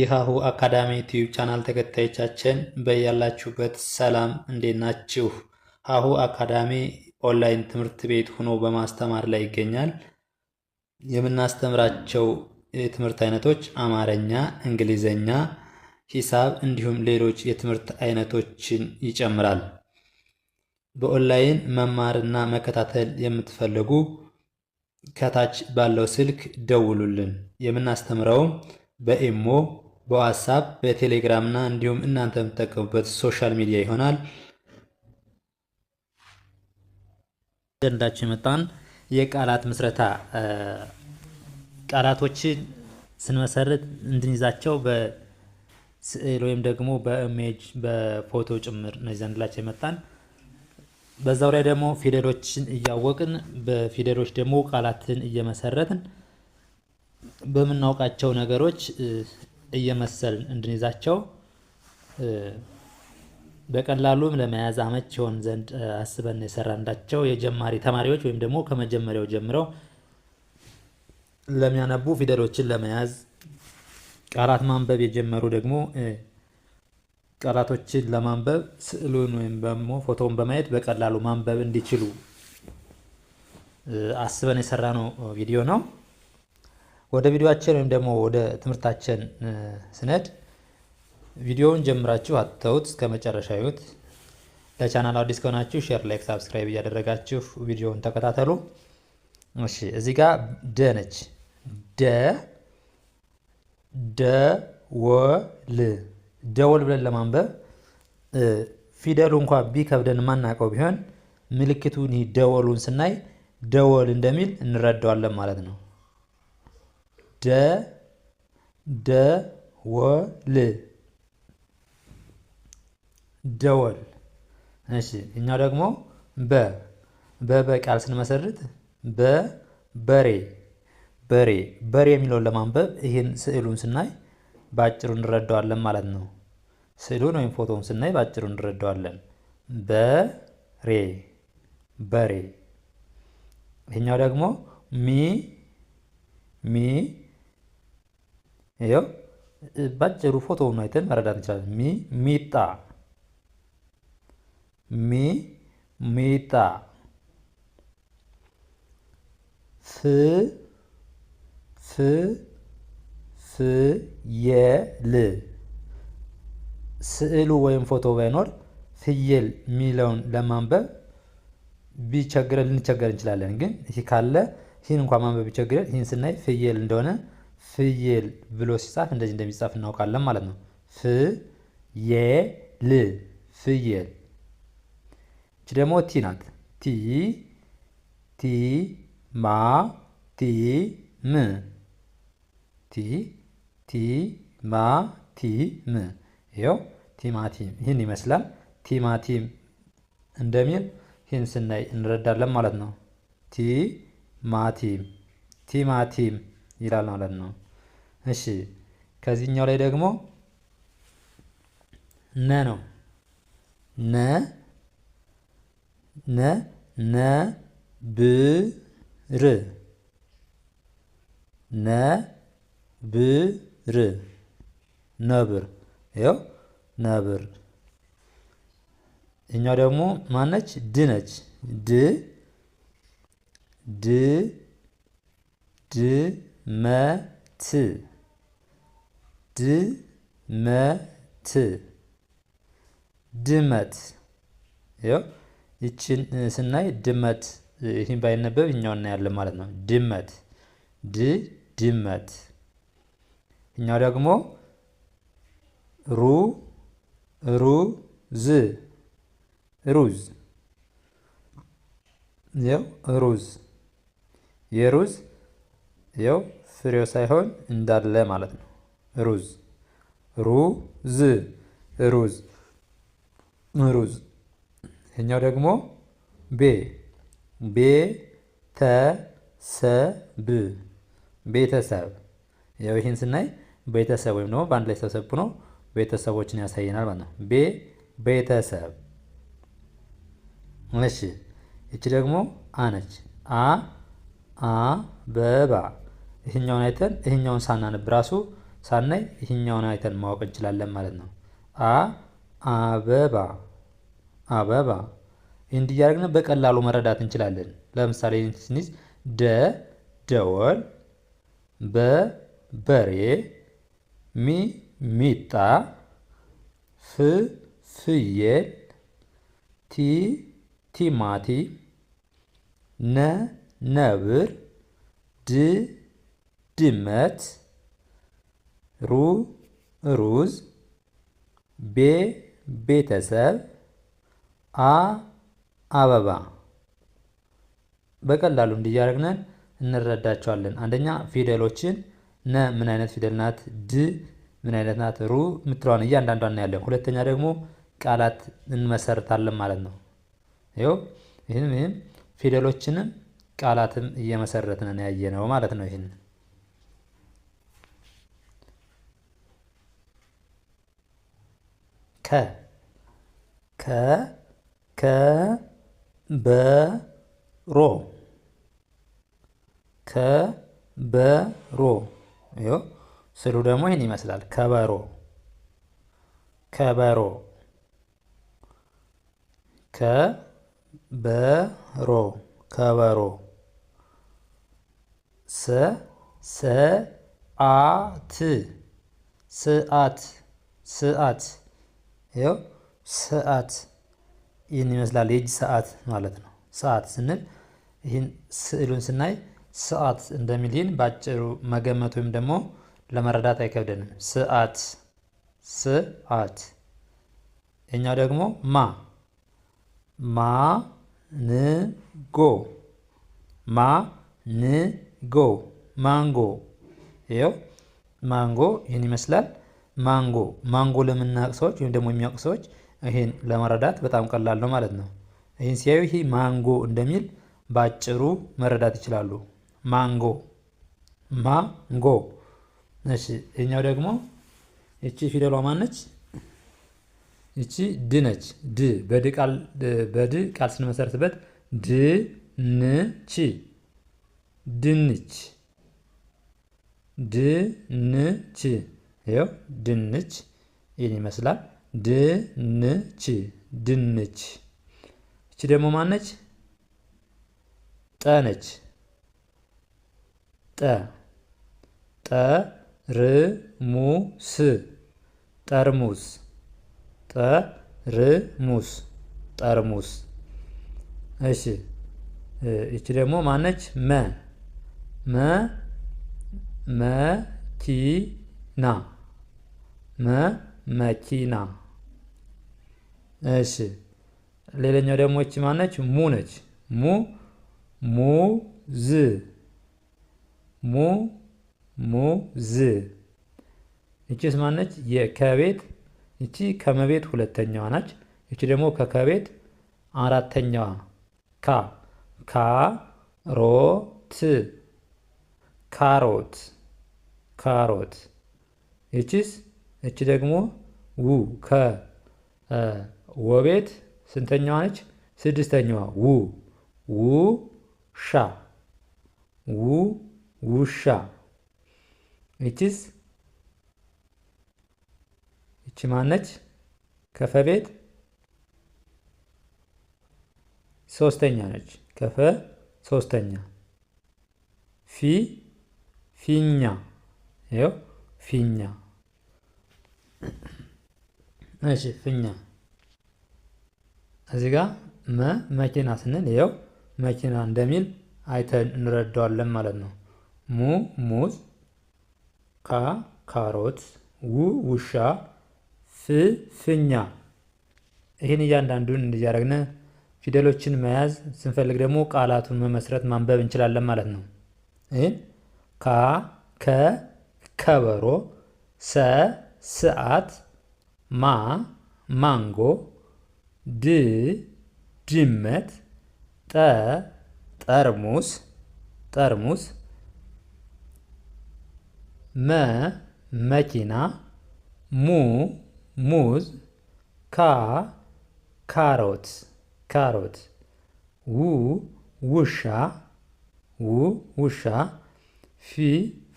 የሀሁ አካዳሚ ዩቲዩብ ቻናል ተከታዮቻችን በያላችሁበት ሰላም፣ እንዴት ናችሁ? ሀሁ አካዳሚ ኦንላይን ትምህርት ቤት ሆኖ በማስተማር ላይ ይገኛል። የምናስተምራቸው የትምህርት አይነቶች አማርኛ፣ እንግሊዘኛ፣ ሂሳብ እንዲሁም ሌሎች የትምህርት አይነቶችን ይጨምራል። በኦንላይን መማርና መከታተል የምትፈልጉ ከታች ባለው ስልክ ደውሉልን። የምናስተምረውም በኢሞ በዋትሳፕ በቴሌግራም እና እንዲሁም እናንተ የምትጠቀሙበት ሶሻል ሚዲያ ይሆናል። አጀንዳችን መጣን። የቃላት ምስረታ ቃላቶችን ስንመሰርት እንድንይዛቸው በስዕል ወይም ደግሞ በኢሜጅ በፎቶ ጭምር እነዚህ ዘንድላቸው የመጣን በዛው ላይ ደግሞ ፊደሎችን እያወቅን በፊደሎች ደግሞ ቃላትን እየመሰረትን በምናውቃቸው ነገሮች እየመሰልን እንድንይዛቸው በቀላሉም ለመያዝ አመች ሆን ዘንድ አስበን የሰራንላቸው የጀማሪ ተማሪዎች ወይም ደግሞ ከመጀመሪያው ጀምረው ለሚያነቡ ፊደሎችን ለመያዝ ቃላት ማንበብ የጀመሩ ደግሞ ቃላቶችን ለማንበብ ስዕሉን ወይም ደግሞ ፎቶውን በማየት በቀላሉ ማንበብ እንዲችሉ አስበን የሰራ ነው ቪዲዮ ነው። ወደ ቪዲዮአችን ወይም ደግሞ ወደ ትምህርታችን ስነድ ቪዲዮውን ጀምራችሁ አትተውት እስከ መጨረሻ ይዩት። ለቻናል አዲስ ከሆናችሁ ሼር፣ ላይክ፣ ሳብስክራይብ እያደረጋችሁ ቪዲዮውን ተከታተሉ። እሺ፣ እዚህ ጋ ደ ነች። ደ ደወል ደወል ብለን ለማንበብ ፊደሉ እንኳ ቢከብደን የማናውቀው ቢሆን ምልክቱን ደወሉን ስናይ ደወል እንደሚል እንረዳዋለን ማለት ነው። ደ ደወል ደወል። እሺ እኛው ደግሞ በ በበ ቃል ስንመሰርት በ በሬ በሬ በሬ የሚለውን ለማንበብ ይህን ስዕሉን ስናይ በአጭሩ እንረዳዋለን ማለት ነው። ስዕሉን ወይም ፎቶውን ስናይ በአጭሩ እንረዳዋለን። በሬ በሬ። ይህኛው ደግሞ ሚ ሚ ይኸው ባጭሩ ፎቶውን አይተን መረዳት እንችላለን። ሚ ሚጣ፣ ሚ ሚጣ፣ ፍ ፍ ፍየል። ስዕሉ ወይም ፎቶ ባይኖር ፍየል የሚለውን ለማንበብ ቢቸግረን ልንቸገር እንችላለን። ግን ይህ ካለ ይህን እንኳን ማንበብ ቢቸግረን ይህን ስናይ ፍየል እንደሆነ ፍየል ብሎ ሲጻፍ እንደዚህ እንደሚጻፍ እናውቃለን ማለት ነው። ፍየል ፍየል። እቺ ደግሞ ቲ ናት። ቲ ቲ ማ ቲ ም ቲ ቲ ማ ቲ ም ይኸው ቲማቲም ይህን ይመስላል። ቲማቲም እንደሚል ይህን ስናይ እንረዳለን ማለት ነው። ቲማቲም ቲማቲም ይላል ማለት ነው። እሺ ከዚህኛው ላይ ደግሞ ነ ነው ነ ነ ነ ብር ነ ብር ነብር ይኸው ነብር። እኛው ደግሞ ማነች? ድ ነች። ድ ድ ድ መት ድመት ድመት ይኸው ይችን ስናይ ድመት ይህን ባይነበብ እኛው እናያለን ማለት ነው። ድመት ድ ድመት እኛው ደግሞ ሩ ሩ ዝ ሩዝ ይኸው ሩዝ የሩዝ ይኸው ፍሬው ሳይሆን እንዳለ ማለት ነው። ሩዝ ሩዝ ሩዝ ሩዝ። ይህኛው ደግሞ ቤ ቤተሰብ ቤተሰብ። ያው ይህን ስናይ ቤተሰብ ወይም ደግሞ በአንድ ላይ ሰብሰብ ነው ቤተሰቦችን ያሳየናል ማለት ነው። ቤ ቤተሰብ። እሺ፣ ይቺ ደግሞ አነች። አ አበባ ይህኛውን አይተን ይህኛውን ሳናነብ ራሱ ሳናይ ይህኛውን አይተን ማወቅ እንችላለን ማለት ነው። አ አበባ አበባ እንዲህ እያደረግን በቀላሉ መረዳት እንችላለን። ለምሳሌ ስኒዝ ደ ደወል፣ በ በሬ፣ ሚ ሚጣ፣ ፍ ፍየል፣ ቲ ቲማቲ፣ ነ ነብር፣ ድ ድመት ሩ ሩዝ ቤ ቤተሰብ አ አበባ በቀላሉ እንዲያደርግነን እንረዳቸዋለን። አንደኛ ፊደሎችን ነ ምን አይነት ፊደል ናት፣ ድ ምን አይነት ናት፣ ሩ የምትለዋን እያንዳንዷን እናያለን። ሁለተኛ ደግሞ ቃላት እንመሰርታለን ማለት ነው። ይኸው ይህም ይህም ፊደሎችንም ቃላትም እየመሰረትን ያየ ማለት ነው ይህንን ከ ከ ከ በሮ ከ በሮ ይኸው ስሉ ደግሞ ይህን ይመስላል። ከበሮ ከበሮ ከበሮ ከበሮ ሰ ሰዓት ሰዓት ሰዓት ይኸው ሰዓት ይህን ይመስላል የእጅ ሰዓት ማለት ነው። ሰዓት ስንል ይህን ስዕሉን ስናይ ሰዓት እንደሚልን በአጭሩ መገመት ወይም ደግሞ ለመረዳት አይከብደንም። ሰዓት ሰዓት። እኛው ደግሞ ማ ማ ጎ ማ ጎ ማንጎ ይኸው ማንጎ ይህን ይመስላል። ማንጎ ማንጎ ለምናቅ ሰዎች ወይም ደግሞ የሚያውቁ ሰዎች ይህን ለመረዳት በጣም ቀላል ነው ማለት ነው። ይህን ሲያዩ ይሄ ማንጎ እንደሚል በአጭሩ መረዳት ይችላሉ። ማንጎ ማንጎ። እሺ ይህኛው ደግሞ እቺ ፊደሏ ማነች? እቺ ድ ነች። ድ በድ ቃል በድ ቃል ስንመሰርትበት ድ ን ቺ ድንች ድንች ይኸው ድንች ይህን ይመስላል። ድንች ድንች። እቺ ደግሞ ማነች? ጠነች ጠ ጠርሙስ ጠርሙስ ጠርሙስ ጠርሙስ። እሺ እቺ ደግሞ ማነች? መ መ መኪና መኪና። እሺ ሌላኛው ደግሞ እቺ ማነች? ሙ ነች። ሙ ሙዝ ሙ ሙዝ። እቺስ ማነች? የከቤት እቺ ከመቤት ሁለተኛዋ ናች። እቺ ደግሞ ከከቤት አራተኛዋ ካ ካሮት ካሮት ካሮት። እቺስ እች ደግሞ ው ከ ወቤት ስንተኛዋ ነች? ስድስተኛዋ ው ው ሻ ው ውሻ። እችስ እች ማነች? ከፈቤት ሶስተኛ ነች። ከፈ ሶስተኛ ፊ ፊኛ ይኸው ፊኛ እሺ ፊኛ እዚህ ጋር መ መኪና ስንል ይኸው መኪና እንደሚል አይተን እንረዳዋለን ማለት ነው። ሙ ሙዝ፣ ካ ካሮት፣ ው ውሻ፣ ፍ ፊኛ። ይህን እያንዳንዱን እንዲያደረግን ፊደሎችን መያዝ ስንፈልግ ደግሞ ቃላቱን መመስረት ማንበብ እንችላለን ማለት ነው። ይህን ካ ከ ከበሮ፣ ሰ ሰዓት ማ ማንጎ ድ ድመት ጠ ጠርሙስ ጠርሙስ መ መኪና ሙ ሙዝ ካ ካሮት ካሮት ው ውሻ ው ውሻ ፊ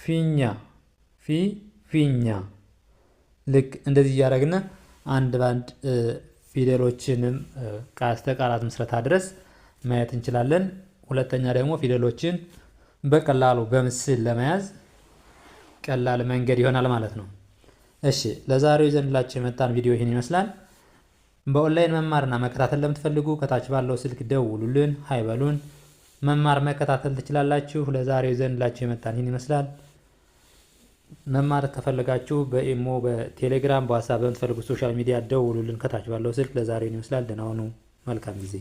ፊኛ ፊ ፊኛ ልክ እንደዚህ እያደረግን አንድ በአንድ ፊደሎችንም እስከ ቃላት ምስረታ ድረስ ማየት እንችላለን። ሁለተኛ ደግሞ ፊደሎችን በቀላሉ በምስል ለመያዝ ቀላል መንገድ ይሆናል ማለት ነው። እሺ ለዛሬው ይዘንላችሁ የመጣን ቪዲዮ ይህን ይመስላል። በኦንላይን መማርና መከታተል ለምትፈልጉ ከታች ባለው ስልክ ደውሉልን፣ ሀይበሉን መማር መከታተል ትችላላችሁ። ለዛሬው ይዘንላችሁ የመጣን ይህን ይመስላል። መማር ከፈለጋችሁ በኢሞ በቴሌግራም በዋትሳፕ በምትፈልጉ ሶሻል ሚዲያ ደውሉልን። ከታች ባለው ስልክ ለዛሬ ይመስላል። ደህና ሁኑ። መልካም ጊዜ